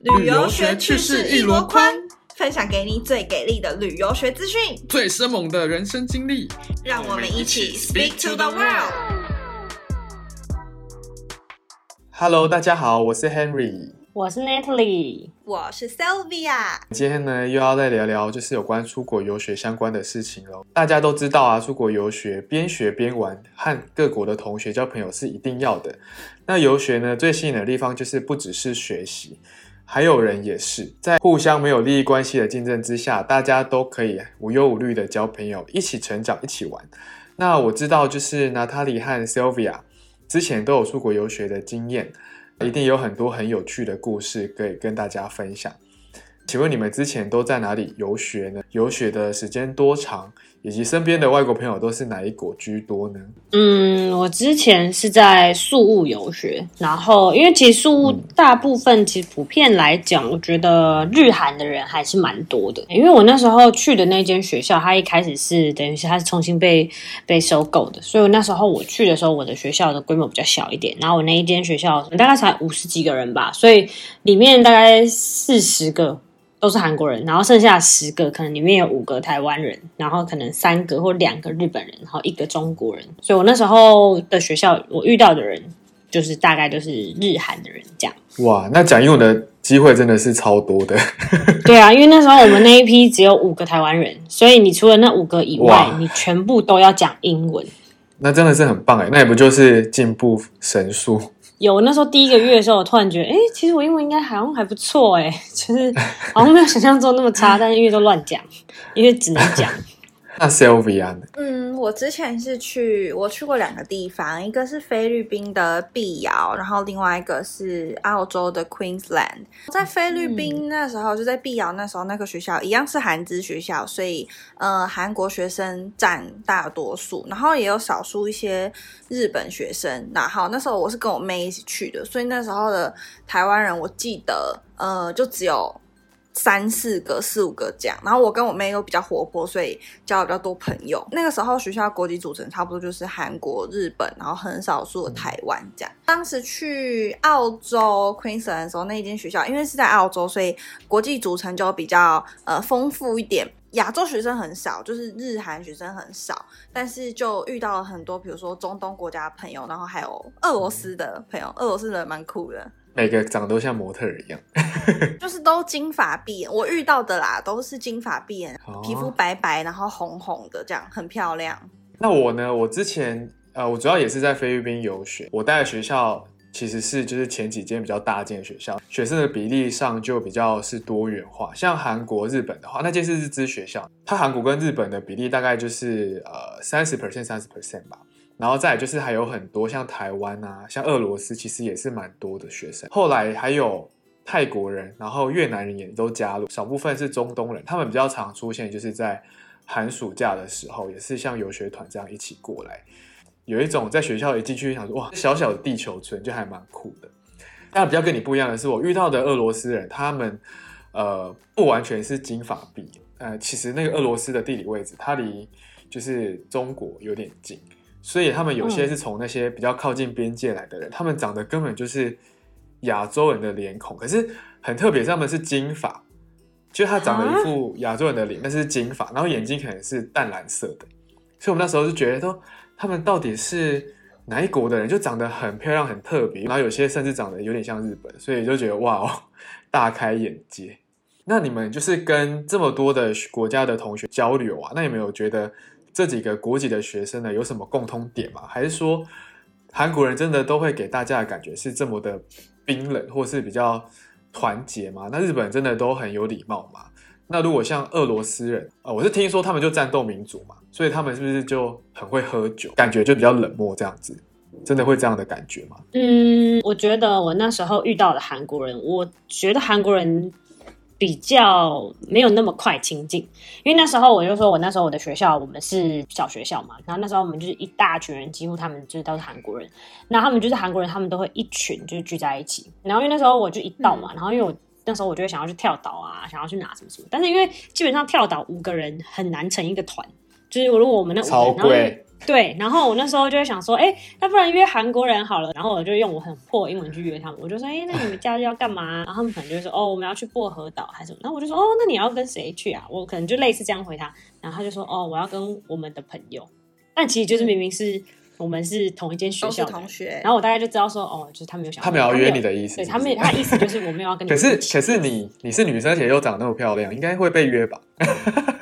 旅遊學趣事一籮筐，分享給你最給力的旅遊學資訊，最生猛的人生經歷，讓我們一起 speak to the world。Hello，大家好，我是 Henry，我是 Natalie，我是 Sylvia。今天呢，又要再聊聊就是有關出國遊學相關的事情嘍。大家都知道啊，出國遊學邊學邊玩，和各國的同學交朋友是一定要的。那遊學呢，最吸引的地方就是不只是學習。還有人也是在互相沒有利益關係的競爭之下，大家都可以無憂無慮的交朋友，一起成長，一起玩。那我知道，就是娜塔莉和 Sylvia 之前都有出國遊學的經驗，一定有很多很有趣的故事可以跟大家分享。請問你們之前都在哪裡遊學呢？遊學的時間多長？以及身邊的外國朋友都是哪一國居多呢？嗯，我之前是在宿務遊學，然後因為其實宿務大部分、嗯、其實普遍來講，嗯、我覺得日韓的人還是蠻多的。因為我那時候去的那間學校，它一開始是等於是它是重新被被收購的，所以我那時候我去的時候，我的學校的規模比較小一點。然後我那一間學校大概才五十幾個人吧，所以裡面大概四十個，都是韓國人，然後剩下十個，可能裡面有五個台灣人，然後可能三個或兩個日本人，然後一個中國人。所以，我那時候的學校，我遇到的人就是大概就是日韓的人這樣。哇，那講英文的機會真的是超多的。 對啊，因為那時候我們那一批只有五個台灣人，所以你除了那五個以外，哇你全部都要講英文。那真的是很棒哎，那也不就是進步神速？有，那時候第一個月的時候，我突然覺得，誒、欸，其實我英文應該好像還不錯誒、欸，就是好像沒有想象中那麼差， 但是因為都亂講， 因為只能講。V 嗯，我之前是去，我去過兩個地方，一個是菲律賓的碧瑤，然後另外一個是澳洲的 Queensland。在菲律賓那時候，嗯、就在碧瑤那時候，那個學校一樣是韓資學校，所以呃，韓國學生佔大多數，然後也有少數一些日本學生。然後那時候我是跟我妹一起去的，所以那時候的台灣人，我記得呃，就只有。三四個、四五個這樣，然後我跟我妹都比較活潑，所以交了比較多朋友。那個時候學校的國際組成差不多就是韓國、日本，然後很少數的台灣這樣。當時去澳洲 Queensland 的時候，那一間學校因為是在澳洲，所以國際組成就比較呃豐富一點，亞洲學生很少，就是日韓學生很少，但是就遇到了很多比如說中東國家的朋友，然後還有俄羅斯的朋友，俄羅斯人蠻酷的。每個長得都像模特兒一樣，就是都金髮碧眼。我遇到的啦，都是金髮碧眼，皮膚白白，然後紅紅的，這樣很漂亮。那我呢？我之前呃，我主要也是在菲律賓遊學。我待的學校其實是就是前幾間比較大間學校，學生的比例上就比較是多元化。像韓國、日本的話，那間是日資學校，它韓國跟日本的比例大概就是呃三十 percent、三十 percent 吧。然後再就是還有很多像台灣啊，像俄羅斯，其實也是蠻多的學生。後來還有泰國人，然後越南人也都加入，少部分是中東人，他們比較常出現就是在寒暑假的時候，也是像遊學團這樣一起過來。有一種在學校一進去想說哇，小小的地球村就還蠻酷的。但比較跟你不一樣的是，我遇到的俄羅斯人，他們呃不完全是金髮碧，呃，其實那個俄羅斯的地理位置，它離就是中國有點近。所以他們有些是從那些比較靠近邊界來的人，他們長得根本就是亞洲人的臉孔，可是很特別，他們是金髮，就他長了一副亞洲人的臉，但是金髮，然後眼睛可能是淡藍色的，所以我們那時候就覺得說，他們到底是哪一國的人，就長得很漂亮、很特別，然後有些甚至長得有點像日本，所以就覺得哇哦，大開眼界。那你們就是跟這麼多的國家的同學交流啊，那有沒有覺得？這幾個國籍的學生呢，有什麼共通點嗎？還是說，韓國人真的都會給大家的感覺是這麼的冰冷，或是比較團結嗎？那日本人真的都很有禮貌嗎？那如果像俄羅斯人，啊、呃，我是聽說他們就戰鬥民族嘛，所以他們是不是就很會喝酒，感覺就比較冷漠這樣子？真的會這樣的感覺嗎？嗯，我覺得我那時候遇到的韓國人，我覺得韓國人，比較沒有那麼快親近，因為那時候我就說，我那時候我的學校我們是小學校嘛，然後那時候我們就是一大群人，幾乎他們就是都是韓國人，那他們就是韓國人，他們都會一群就是聚在一起，然後因為那時候我就一到嘛，然後因為我那時候我就會想要去跳島啊，嗯、想要去拿什麼什麼，但是因為基本上跳島五個人很難成一個團，就是我如果我們那五個超貴。對，然後我那時候就會想說，哎，那不然約韓國人好了，然後我就用我很破英文去約他們，我就說，哎，那你們假日要幹嘛啊？然後他們可能就說，哦，我們要去薄荷島還是什麼？那我就說，哦，那你要跟誰去啊？我可能就類似這樣回他，然後他就說，哦，我要跟我們的朋友。但其實就是明明是我們是同一間學校的同學，然後我大概就知道說，哦，就是他沒有想，他沒有要約你的意思，對，他沒 他的意思就是我沒有要跟你可。可是可是你你是女生，而且又長得那麼漂亮，應該會被約吧？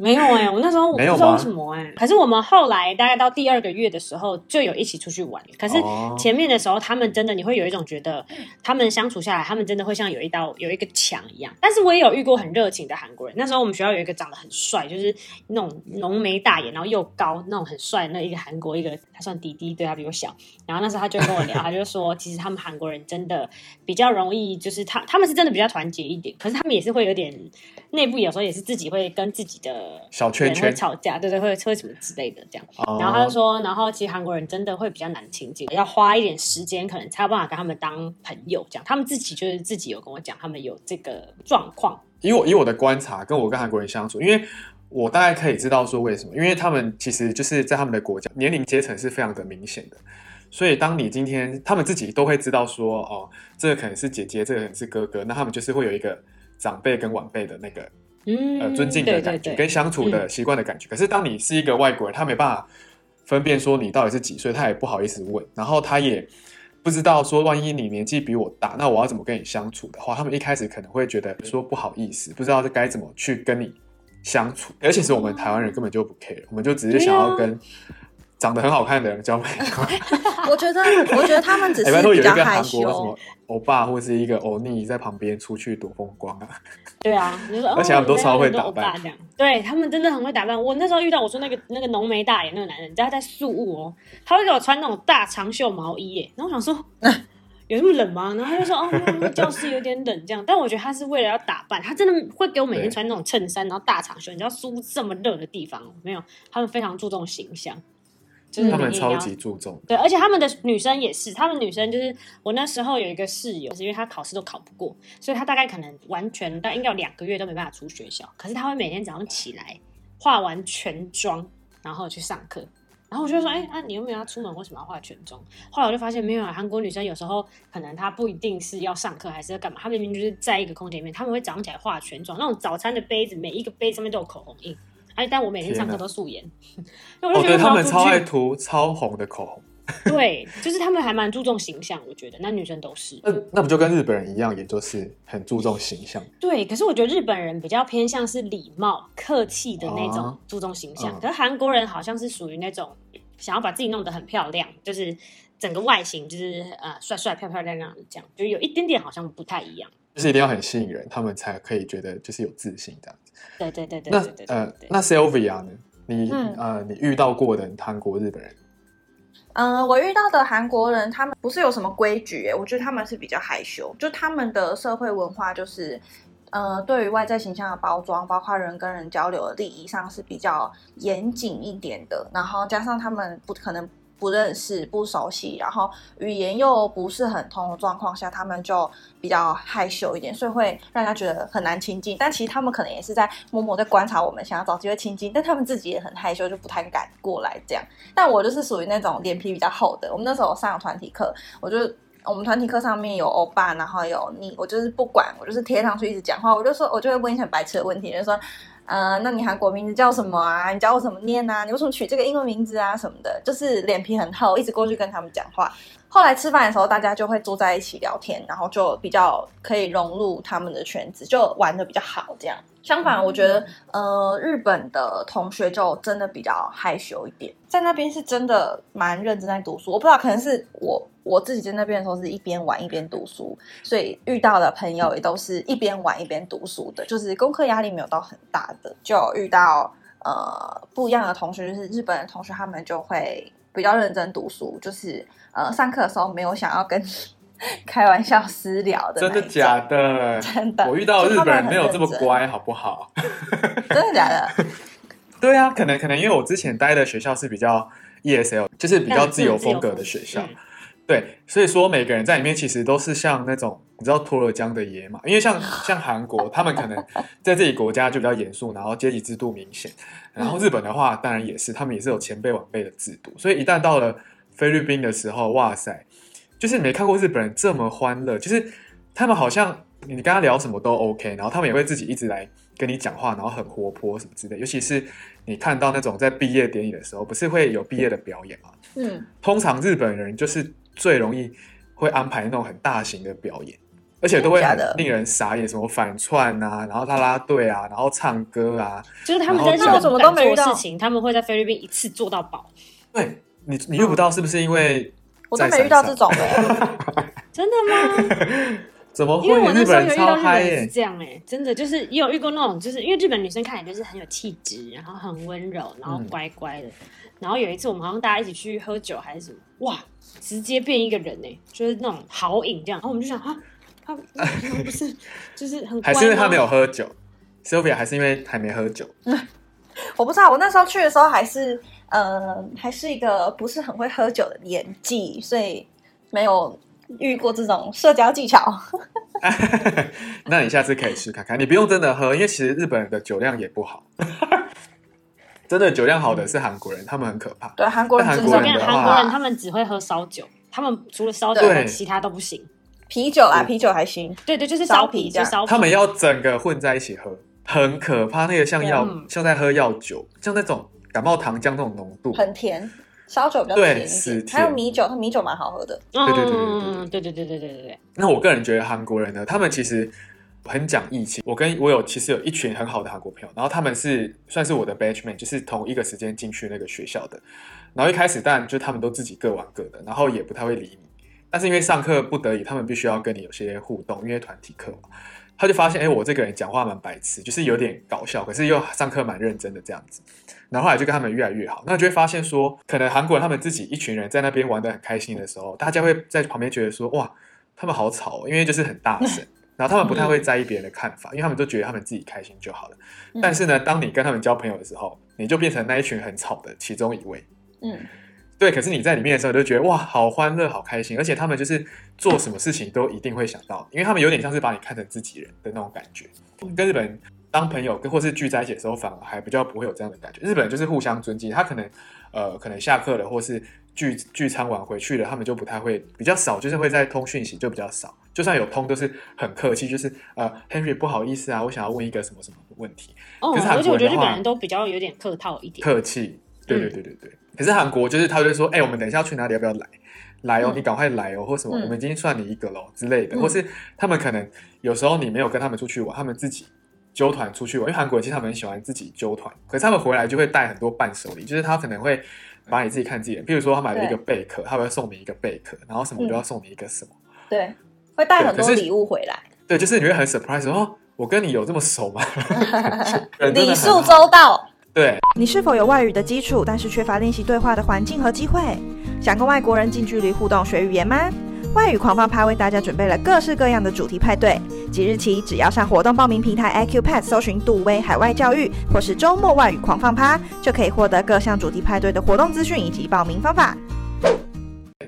沒有哎，我那時候我不知道為什麼哎。可是我們後來大概到第二個月的時候，就有一起出去玩。可是前面的時候，他們真的你會有一種覺得，他們相處下來，他們真的會像有一道有一個牆一樣。但是我也有遇過很熱情的韓國人。那時候我們學校有一個長得很帥，就是那種濃眉大眼，然後又高那種很帥那一個韓國一個，他算弟弟，對，他比我小。然後那時候他就跟我聊，他就說，其實他們韓國人真的比較容易，就是他他們是真的比較團結一點，可是他們也是會有點。內部有時候也是自己會跟自己的小圈圈吵架，對對對，會會什麼之類的這樣。哦、然後他就說，然後其實韓國人真的會比較難親近，要花一點時間，可能才有辦法跟他們當朋友這樣。他們自己就是自己有跟我講，他們有這個狀況。以我以我的觀察，跟我跟韓國人相處，因為我大概可以知道說為什麼，因為他們其實就是在他們的國家年齡階層是非常的明顯的。所以當你今天他們自己都會知道說，哦，這個可能是姐姐，這個可能是哥哥，那他們就是會有一個。長輩跟晚輩的那個，嗯，呃，尊敬的感覺，對對對，跟相處的習慣的感覺。嗯，可是當你是一個外國人，他沒辦法分辨說你到底是幾歲，他也不好意思問，然後他也不知道說，萬一你年紀比我大，那我要怎麼跟你相處的話，他們一開始可能會覺得說不好意思，不知道該怎麼去跟你相處，嗯，而且其實我們台灣人根本就不 care，我們就只是想要跟。長得很好看的叫美嘉， 我覺得我覺得他們只是比較害羞。什麼歐巴或是一個歐尼在旁邊出去躲風光、啊。對啊，而且很多超會打扮，哦那個，這樣，對他們真的很會打扮。我那時候遇到我說那個那個濃眉大眼那個男人，你知道他在宿霧哦，他會給我穿那種大長袖毛衣耶，欸。然後我想說有那麼冷嗎？然後他就說哦，教室有點冷這樣。 但我覺得他是為了要打扮，他真的會給我每天穿那種襯衫，對然後大長袖。你知道書這麼熱的地方哦，沒有，他們非常注重形象。真的，他們超級注重，對，而且他們的女生也是，他們女生就是我那時候有一個室友，是因為她考試都考不過，所以她大概可能完全，大概應該有兩個月都沒辦法出學校。可是她會每天早上起來化完全妝，然後去上課。然後我就說，哎、欸，啊，你有沒有要出門？為什麼要化全妝？後來我就發現，沒有，韓國女生有時候可能她不一定是要上課，還是要幹嘛，她們明明就是在一個空間裡面，她們會早上起來化全妝，那種早餐的杯子，每一個杯子上面都有口紅印。哎，但我每天上課都素顏，哪 那我就覺得他們超愛塗超紅的口紅。 對，就是他們還蠻注重形象，我覺得那女生都是。嗯，那不就跟日本人一樣，也就是很注重形象。對，可是我覺得日本人比較偏向是禮貌、客氣的那種注重形象，啊嗯、可是韓國人好像是屬於那種想要把自己弄得很漂亮，就是整個外形就是呃帥帥、漂漂亮亮的樣子這樣，就有一點點好像不太一樣。就是一定要很吸引人，他們才可以覺得就是有自信這樣子。對對對對那。那呃，那 Sylvia 呢？你、嗯、呃，你遇到過的韓國、日本人？嗯，我遇到的韓國人，他們不是有什麼規矩，我覺得他們是比較害羞，就他們的社會文化就是、呃，對於外在形象的包裝，包括人跟人交流的利益上是比較嚴謹一點的。然後加上他們不可能。不認識、不熟悉，然後語言又不是很通的狀況下，他們就比較害羞一點，所以會讓人家覺得很難親近。但其實他們可能也是在默默在觀察我們，想要找機會親近，但他們自己也很害羞，就不太敢過來這樣。但我就是屬於那種臉皮比較厚的。我們那時候上有團體課，我就我們團體課上面有歐巴，然後有你，我就是不管，我就是貼上去一直講話，我就說，我就會問一些白痴的問題，就是說，呃，那你韓國名字叫什麼啊？你教我怎麼念啊？你為什麼取這個英文名字啊？什麼的，就是臉皮很厚，一直過去跟他們講話。後來吃飯的時候，大家就會坐在一起聊天，然後就比較可以融入他們的圈子，就玩的比較好，這樣。相反，我覺得呃，日本的同學就真的比較害羞一點，在那邊是真的蠻認真在讀書。我不知道，可能是我我自己在那邊的時候是一邊玩一邊讀書，所以遇到的朋友也都是一邊玩一邊讀書的，就是功課壓力沒有到很大的。就遇到呃不一樣的同學，就是日本的同學，他們就會比較認真讀書，就是呃上課的時候沒有想要跟。開玩笑私聊的，真的假的？真的，我遇到日本人沒有這麼乖，好不好？真的假的？ 對啊，可能可能因為我之前待的學校是比較 ESL，就是比較自由風格的學校。對，所以說每個人在裡面其實都是像那種你知道脫了韁的野馬。因為像像韓國，他們可能在自己國家就比較嚴肅， 然後階級制度明顯。然後日本的話，當然也是，他們也是有前輩晚輩的制度。所以一旦到了菲律賓的時候，哇塞！就是沒看過日本人這麼歡樂，就是他們好像你跟他聊什麼都 OK，然後他們也會自己一直來跟你講話，然後很活潑什麼之類的。尤其是你看到那種在畢業典禮的時候，不是會有畢業的表演嗎？嗯，通常日本人就是最容易會安排那種很大型的表演，而且都會令人傻眼，什麼反串啊，然後他拉隊啊，然後唱歌啊，就是他們在那裡什麼都沒事情，他們會在菲律賓一次做到飽。對，你你遇不到是不是因為？嗯我都沒遇到這種人、欸， 真的嗎？怎麼會？因為我那時候有遇到日本人是這樣哎、欸，欸、真的就是也有遇過那種，就是因為日本女生看起來就是很有氣質，然後很溫柔，然後乖乖的。嗯、然後有一次我們好像大家一起去喝酒還是什麼，哇，直接變一個人哎、欸，就是那種豪飲這樣。然後我們就想啊他，他不是 就是很乖。是因為他沒有喝酒，Sylvia 還是因為還沒喝酒。嗯我不知道，我那時候去的時候還是，呃，還是一個不是很會喝酒的年紀，所以沒有遇過這種社交技巧。 那你下次可以試看看，你不用真的喝，因為其實日本人的酒量也不好。真的酒量好的是韓國人，他們很可怕。對，韓國人、就是，很可怕韓國人，韓國人他們只會喝燒酒，他們除了燒酒，其他都不行。啤酒啊，啤酒還行。對對，就是燒啤，皮就燒。他們要整個混在一起喝。很可怕，那個像藥，嗯、像在喝藥酒，像那種感冒糖漿那種濃度，很甜，燒酒比較甜，對，甜。還有米酒，它米酒蠻好喝的，嗯。對對對對對對對對對。那我個人覺得韓國人呢，他們其實很講義氣。我跟我有其實有一群很好的韓國朋友，然後他們是算是我的 batchman，就是同一個時間進去那個學校的。然後一開始但就他們都自己各玩各的，然後也不太會理你。但是因為上課不得已，他們必須要跟你有些互動，因為團體課嘛。他就發現，哎、欸，我這個人講話蠻白痴，就是有點搞笑，可是又上課蠻認真的這樣子。然後後來就跟他們越來越好，那就會發現說，可能韓國人他們自己一群人在那邊玩得很開心的時候，大家會在旁邊覺得說，哇，他們好吵哦，因為就是很大聲。然後他們不太會在意別人的看法，因為他們都覺得他們自己開心就好了。但是呢，當你跟他們交朋友的時候，你就變成那一群很吵的其中一位。嗯。對，可是你在裡面的時候就覺得，哇，好歡樂，好開心，而且他們就是做什麼事情都一定會想到，因為他們有點像是把你看成自己人的那種感覺。跟日本當朋友，或是聚在一起的時候，反而還比較不會有這樣的感覺。日本人就是互相尊敬，他可能呃，可能下課了，或是聚聚餐完回去了，他們就不太會比較少，就是會在通訊息就比較少，就算有通都是很客氣，就是呃，Henry 不好意思啊，我想要問一個什麼什麼問題，哦、就是而且我覺得日本人都比較有點客套一點，客氣，對對對對對。嗯可是韓國就是，他就會說，哎、欸，我們等一下要去哪裡，要不要來？來哦、喔，嗯、你趕快來哦、喔，或什麼，嗯、我們今天算你一個嘍之類的。嗯、或是他們可能有時候你沒有跟他們出去玩，他們自己揪團出去玩。因為韓國其實他們很喜歡自己揪團，可是他們回來就會帶很多伴手禮。就是他可能會把你自己看自己，比如說他買了一個貝殼，對他會送你一個貝殼，然後什麼都要送你一個什麼。嗯、對，會帶很多禮物回來對。對，就是你會很 surprise 哦，我跟你有這麼熟嗎？禮 數 周到。對，你是否有外語的基礎，但是缺乏練習對話的環境和機會？想跟外國人近距離互動學語言嗎？外語狂放趴為大家準備了各式各樣的主題派對，即日起只要上活動報名平台 iQpad 搜尋“杜威海外教育”或是“周末外語狂放趴”，就可以獲得各項主題派對的活動資訊以及報名方法。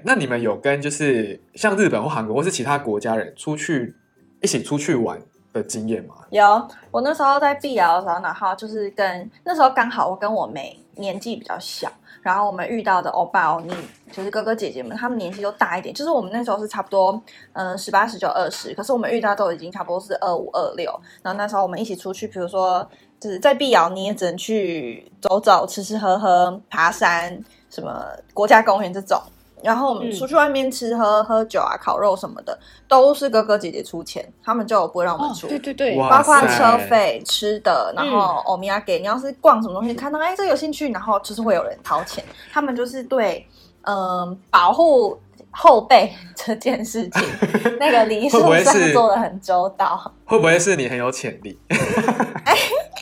那你們有跟就是像日本或韓國或是其他國家人出去一起出去玩？的經驗嘛，有。我那時候在碧瑤的時候，然後就是跟那時候剛好我跟我妹年紀比較小，然後我們遇到的歐巴歐尼就是哥哥姐姐們，他們年紀都大一點。就是我們那時候是差不多，嗯、呃，十八、十九、二十，可是我們遇到都已經差不多是二五、二六。然後那時候我們一起出去，比如說就是在碧瑤，你也只能去走走、吃吃喝喝、爬山，什麼國家公園這種。然後我們出去外面吃喝喝酒啊，烤肉什麼的，都是哥哥姐姐出錢，他們就不會讓我們出錢。對對對，包括車費、吃的，然後歐米亞給你。要是逛什麼東西，看到哎，這有興趣，然後就是會有人掏錢。他們就是對，嗯，保護後輩這件事情，那個禮儀是不是做的很周到？會不會是你很有潛力？哎，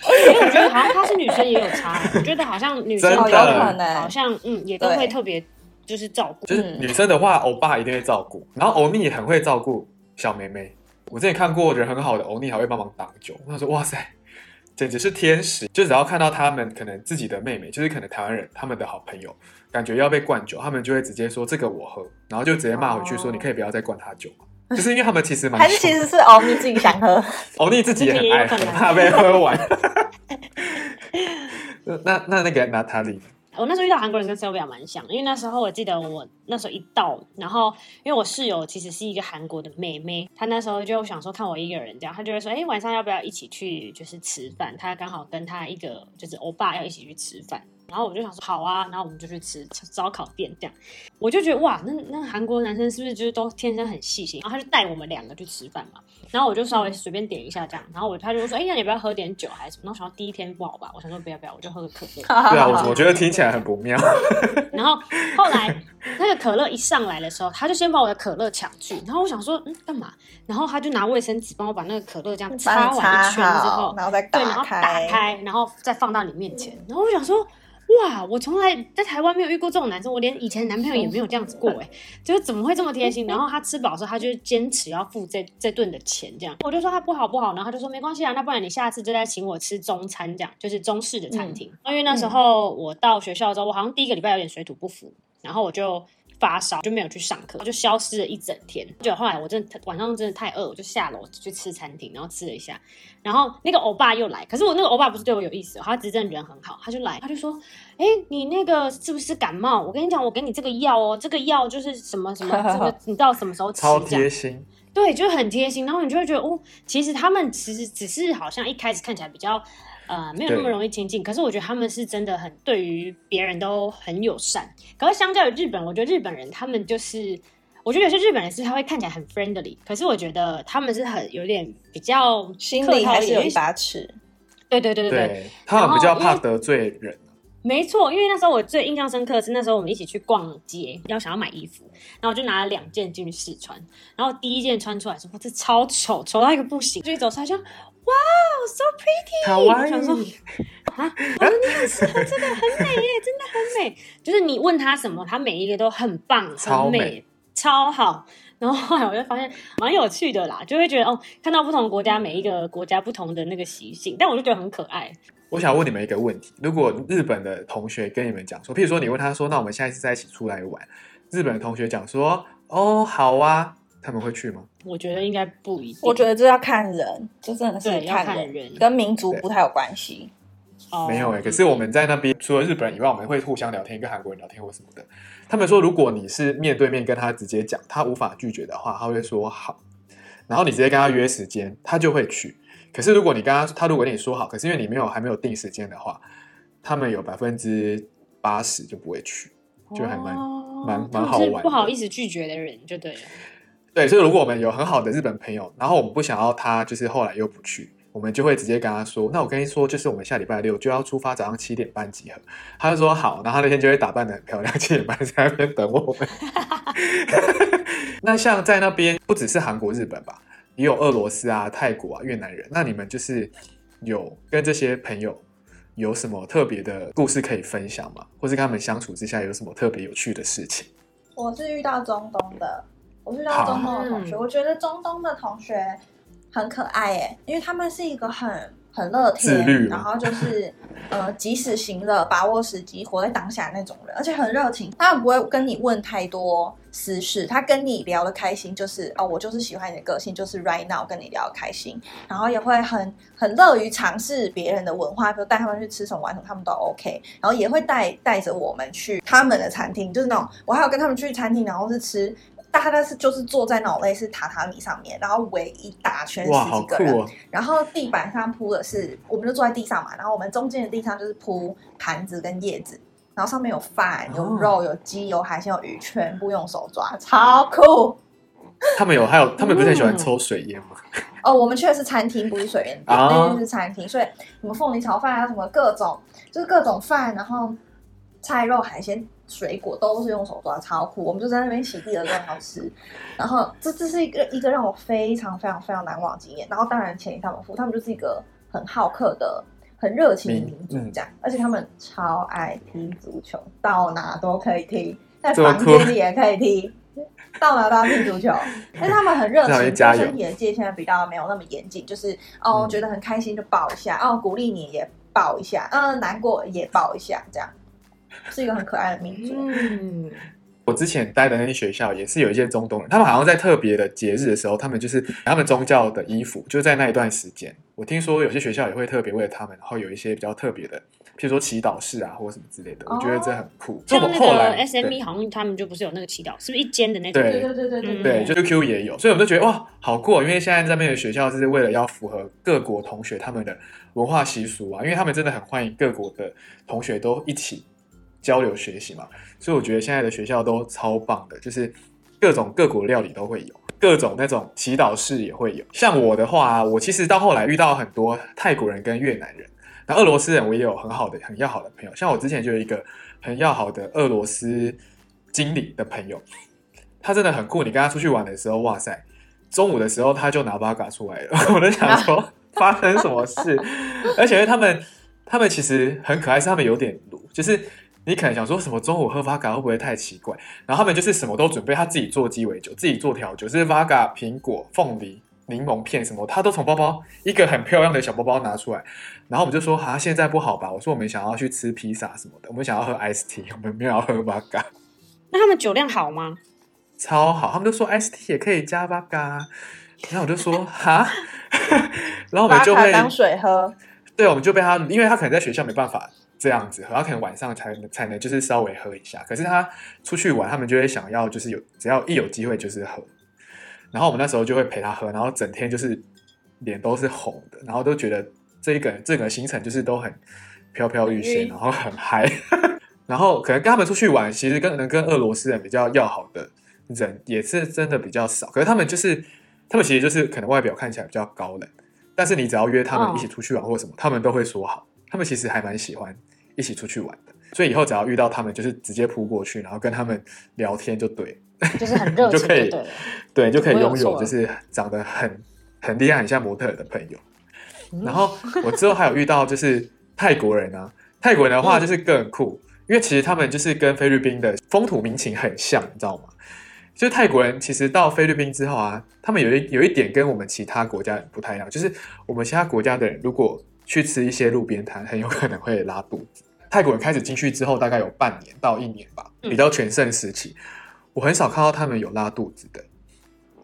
我覺得好像他是女生也有差，我覺得好像女生有可能，好像嗯也都會特別。就是照顧，嗯、就是女生的話，歐巴一定會照顧，然後歐尼也很會照顧小妹妹。我之前看過人很好的歐尼，還會幫忙擋酒。他說哇塞，簡直是天使！就只要看到他們可能自己的妹妹，就是可能台灣人他們的好朋友，感覺要被灌酒，他們就會直接說這個我喝，然後就直接罵回去說你可以不要再灌他酒，哦，就是因為他們其實蠻的還是其實是歐尼，哦，自己想喝，歐尼 自己也很愛喝，怕被喝完。 那那那個娜塔莉。我那時候遇到韓國人跟室友比較蠻像，因為那時候我記得我那時候一到，然後因為我室友其實是一個韓國的妹妹，她那時候就想說看我一個人這樣，她就會說，哎、欸，晚上要不要一起去就是吃飯？她剛好跟她一個就是歐巴要一起去吃飯。然後我就想說好啊，然後我們就去吃吃燒烤店這樣，我就覺得哇，那那韓國男生是不是就是都天生很細心？然後他就帶我們兩個去吃飯嘛，然後我就稍微隨便點一下這樣，然後我他就說，哎、欸、呀，那你不要喝點酒還是什麼？然後我想說第一天不好吧，我想說不要不要，我就喝個可樂。好好好好對啊，我覺得聽起來很不妙。 然後後來那個可樂一上來的時候，他就先把我的可樂搶去，然後我想說嗯幹嘛？然後他就拿衛生紙幫我把那個可樂這樣擦完一圈之後，擦擦然後再，然後打開，然後再放到你面前，然後我想說。哇，我從來在台灣沒有遇過這種男生，我連以前男朋友也沒有這樣子過、欸，誒。就是怎麼會這麼貼心？然後他吃飽之後，他就堅持要付這這頓的錢，這樣我就說他不好不好，然後他就說沒關係啊，那不然你下次就再請我吃中餐，這樣就是中式的餐廳。嗯、因為那時候我到學校之後，我好像第一個禮拜有點水土不服，然後我就。發燒就沒有去上課，就消失了一整天。就後來我真的晚上真的太餓，我就下樓去吃餐廳，然後吃了一下。然後那個歐巴又來，可是我那個歐巴不是對我有意思，他真的人很好，他就來，他就說：“哎、欸，你那個是不是感冒？我跟你講，我給你這個藥哦、喔，這個藥就是什麼什麼，這個 你到什麼時候吃？超貼心，對，就是很貼心。然後你就會覺得，哦，其實他們其實只是好像一開始看起來比較……呃，沒有那麼容易親近。對可是我覺得他們是真的很，很對於別人都很友善。可是相較於日本，我覺得日本人他們就是，我覺得有些日本人是他會看起來很 friendly，可是我覺得他們是很有點比較心裡還是有一把尺？對對對對對，對他們比較怕得罪人。後就沒錯，因為那時候我最印象深刻的是那時候我們一起去逛街，要想要買衣服，然後我就拿了兩件進去試穿，然後第一件穿出來說，哇，這超醜，醜到一個不行，所以走出來就……哇哦、wow,，so pretty！我想說啊，哦，你有時候真的很美耶， 真的很美。就是你問他什麼，他每一個都很棒，超美，美，超好。然後後來我就發現蠻有趣的啦，就會覺得哦，看到不同國家每一個國家不同的那個習性，但我就覺得很可愛。我想問你們一個問題：如果日本的同學跟你們講說，譬如說你問他說，那我們下一次再一起出來玩，日本的同學講說，哦，好啊。他們會去嗎？我覺得應該不一定。我覺得這要看人，這真的是看要看人，跟民族不太有關係。對 oh, 沒有哎、欸。是可是我們在那邊，對除了日本人以外，我們會互相聊天，跟韓國人聊天或什麼的。他們說，如果你是面對面跟他直接講，他無法拒絕的話，他會說好。然後你直接跟他約時間，他就會去。可是如果你跟他，他如果跟你說好，可是因為你沒有還沒有定時間的話，他們有百分之八十就不會去，就還蠻、oh, 蠻蠻好玩，不好意思拒絕的人就對了。對，所以如果我們有很好的日本朋友，然後我們不想要他，就是後來又不去，我們就會直接跟他說：“那我跟你說，就是我們下禮拜六就要出發，早上七點半集合。”他就說好，然後他那天就會打扮得很漂亮，七點半在那邊等我們。 那像在那邊，不只是韓國、日本吧，也有俄羅斯啊、泰國啊、越南人。那你們就是有跟這些朋友有什麼特別的故事可以分享嗎？或是跟他們相處之下有什麼特別有趣的事情？我是遇到中東的。我遇到中東的同學，啊、我覺得中東的同學很可愛哎、欸，因為他們是一個很很樂天，律然後就是呃及時行樂、把握時機、活在當下那種人，而且很熱情。他們不會跟你問太多私事，他跟你聊得開心就是哦，我就是喜歡你的個性，就是 right now 跟你聊得開心。然後也會很很樂於嘗試別人的文化，比如帶他們去吃什麼、玩什麼，他們都 OK。然後也會帶帶着我們去他們的餐廳，就是那種我還有跟他們去餐廳，然後是吃。大概是就是坐在那種類似榻榻米上面，然後圍一大圈十幾個人，啊、然後地板上鋪的是，我們就坐在地上嘛，然後我們中間的地上就是鋪盤子跟葉子，然後上面有飯、哦、有肉、有雞、有海鮮、有魚，全部用手抓，超酷。他們有，還有他們不是很喜歡抽水煙嗎？哦、嗯， Oh, 我們去的是餐廳，不是水煙店。Oh. 那邊是餐廳，所以什麼鳳梨炒飯啊，什麼各種就是各種飯，然後菜、肉、海鮮。水果都是用手抓，超酷！我們就在那邊洗地的時候吃。 然後，這這是一個一個讓我非常非常非常難忘的經驗。然後，當然前一趟我們赴，他們就是一個很好客的、很熱情的民族，這樣、嗯。嗯、而且他們超愛踢足球，到哪都可以踢，在房間裡也可以踢，到哪都要踢足球。但 他們很熱情，對身體的界限比較沒有那麼嚴謹，就是哦，嗯、覺得很開心就抱一下，哦，鼓勵你也抱一下，嗯、呃，難過也抱一下，這樣。是一個很可愛的民族。嗯、我之前待的那些學校也是有一些中東人，他們好像在特別的節日的時候，他們就是他們宗教的衣服，就在那一段時間。我聽說有些學校也會特別為了他們，然後有一些比較特別的，譬如說祈禱室啊，或什麼之類的。哦、我覺得這很酷。像我們那個 SME，好像他們就不是有那個祈禱，是不是一間的那種對？對對對對對。嗯、對，就 QQ 也有，所以我們就覺得哇，好酷，哦。因為現在在那個學校是為了要符合各國同學他們的文化習俗啊，因為他們真的很歡迎各國的同學都一起交流學習嘛，所以我覺得現在的學校都超棒的，就是各種各國料理都會有，各種那種祈禱室也會有。像我的話，啊，我其實到後來遇到很多泰國人跟越南人，那俄羅斯人我也有很好的、很要好的朋友。像我之前就有一個很要好的俄羅斯經理的朋友，他真的很酷。你跟他出去玩的時候，哇塞！中午的時候他就拿巴嘎出來了，我都想說發生什麼事。啊、 而且他們他們其實很可愛，是他們有點魯就是。你可能想說什麼中午喝 Vaga 會不會太奇怪？然後他們就是什麼都準備，他自己做雞尾酒，自己做調酒，是 Vaga 蘋果、鳳梨、檸檬片什麼，他都從包包一個很漂亮的小包包拿出來。然後我們就說哈、啊，現在不好吧？我說我們想要去吃披薩什麼的，我們想要喝 Ice Tea，我們沒有要喝 Vaga。那他們酒量好嗎？超好，他們都說 Ice Tea 也可以加 Vaga。然後我就說哈， 蛤 然後我們就被當水喝，對，我們就被他，因為他可能在學校沒辦法。這樣子，然後可能晚上才能才能就是稍微喝一下。可是他出去玩，他們就會想要就是有，只要一有機會就是喝。然後我們那時候就會陪他喝，然後整天就是臉都是紅的，然後都覺得這一個這一個行程就是都很飄飄欲仙，然後很嗨。 然後可能跟他們出去玩，其實跟能跟俄羅斯人比較要好的人也是真的比較少。可是他們就是，他們其實就是可能外表看起來比較高冷，但是你只要約他們一起出去玩或什麼，嗯、他們都會說好。他們其實還蠻喜歡一起出去玩的，所以以後只要遇到他們，就是直接撲過去，然後跟他們聊天就對，就是很熱情，對，對，就可以擁對有、啊、就是長得很很厲害、很像模特的朋友。嗯、然後我之後還有遇到就是泰國人啊， 泰國人的話就是更酷，嗯、因為其實他們就是跟菲律賓的風土民情很像，你知道嗎？就是泰國人其實到菲律賓之後啊，他們有一有一點跟我們其他國家人不太一樣，就是我們其他國家的人如果。去吃一些路邊攤，很有可能會拉肚子。泰國人開始進去之後，大概有半年到一年吧，比較全盛時期，嗯、我很少看到他們有拉肚子的。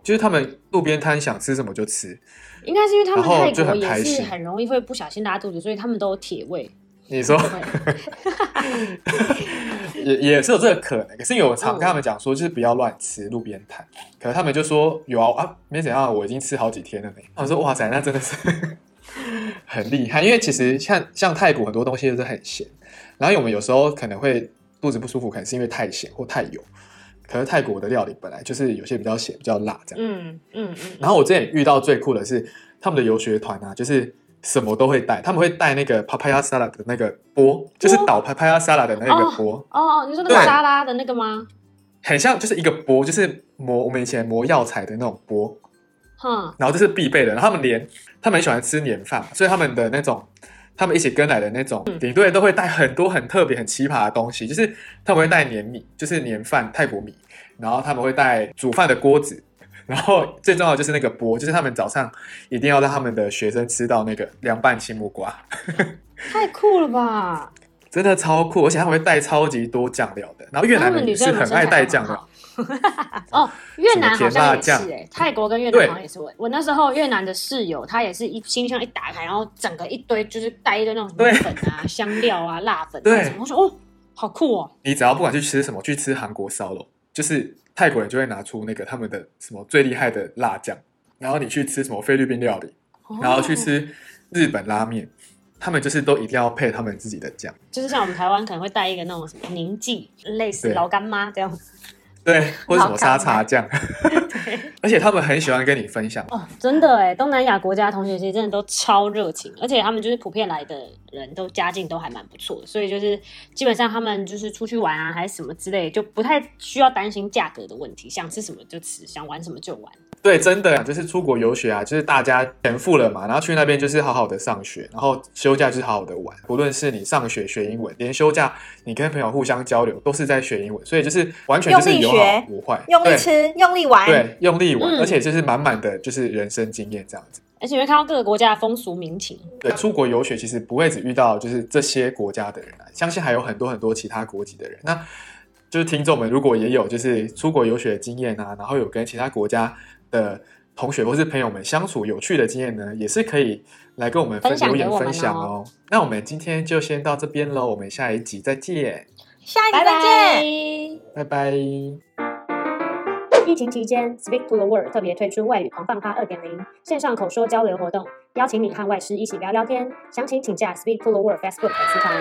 就是他們路邊攤想吃什麼就吃，應該是因為他們泰國然後就很開心也是很容易會不小心拉肚子，所以他們都有鐵胃。你說，對 也也是有這個可能，可是因為我常跟他們講說，就是不要亂吃路邊攤，可是他們就說有啊啊，沒想到我已經吃好幾天了沒。我說哇塞，那真的是。 很厲害，因為其實像像泰國很多東西都是很鹹，然後我們有時候可能會肚子不舒服，可能是因為太鹹或太油。可是泰國的料理本來就是有些比較鹹、比較辣這樣。嗯嗯嗯。嗯嗯然後我之前遇到最酷的是他們的游學團啊，就是什麼都會帶，他們會帶那個 Papaya Salad 的那個缽，哦、就是倒 Papaya Salad 的那個缽。哦對哦，你說那個沙拉的那個嗎？很像就是一個缽，就是磨我們以前磨藥材的那種缽。然後這是必備的。然後他們連他們很喜歡吃年飯，所以他們的那種，他們一起跟來的那種，頂、嗯、多人都會帶很多很特別、很奇葩的東西。就是他們會帶黏米，就是年飯泰國米，然後他們會帶煮飯的鍋子，然後最重要的就是那個鍋，就是他們早上一定要讓他們的學生吃到那個涼拌青木瓜。呵呵，太酷了吧！真的超酷，而且他們會帶超級多醬料的。然後越南的女生很愛帶醬料。 哦，越南好像也是哎、欸，泰國跟越南好像也是我對我那時候越南的室友，他也是一心箱一打開，然後整個一堆就是帶一堆那種什麼粉啊、對香料啊、辣粉。對什麼我說哦，好酷哦！你只要不管去吃什麼，去吃韓國燒肉，就是泰國人就會拿出那個他們的什麼最厲害的辣醬，然後你去吃什麼菲律賓料理，然後去吃日本拉麵，哦、他們就是都一定要配他們自己的醬，就是像我們台灣可能會帶一個那種什麼凝劑，類似老乾媽這樣子。對，或者什麼叉叉這樣，欸、對 而且他們很喜歡跟你分享哦，真的誒，東南亞國家同學其實真的都超熱情，而且他們就是普遍來的人都家境都還蠻不錯的，所以就是基本上他們就是出去玩啊還是什麼之類，就不太需要擔心價格的問題，想吃什麼就吃，想玩什麼就玩。對，真的呀、啊，就是出國遊學啊，就是大家錢付了嘛，然後去那邊就是好好的上學，然後休假就是好好的玩。不論是你上學學英文，連休假你跟朋友互相交流，都是在學英文，所以就是完全就是有好無壞，用力吃，對用力玩，對，用力玩，嗯、而且就是滿滿的，就是人生經驗這樣子。而且你會看到各個國家的風俗民情。對，出國遊學其實不會只遇到就是這些國家的人啊，相信還有很多很多其他國籍的人。那就是聽眾們如果也有就是出國遊學經驗啊，然後有跟其他國家的同學或是朋友們相處有趣的經驗呢，也是可以來跟我們分享分享哦、喔。那我們今天就先到這邊嘍，我們下一集再見，下一集再見，bye bye 拜拜。疫情期間，Speak to the World 特別推出外語狂放趴二點零線上口說交流活動，邀請你和外師一起聊聊天。詳情請加 Speak to the World Facebook 粉絲團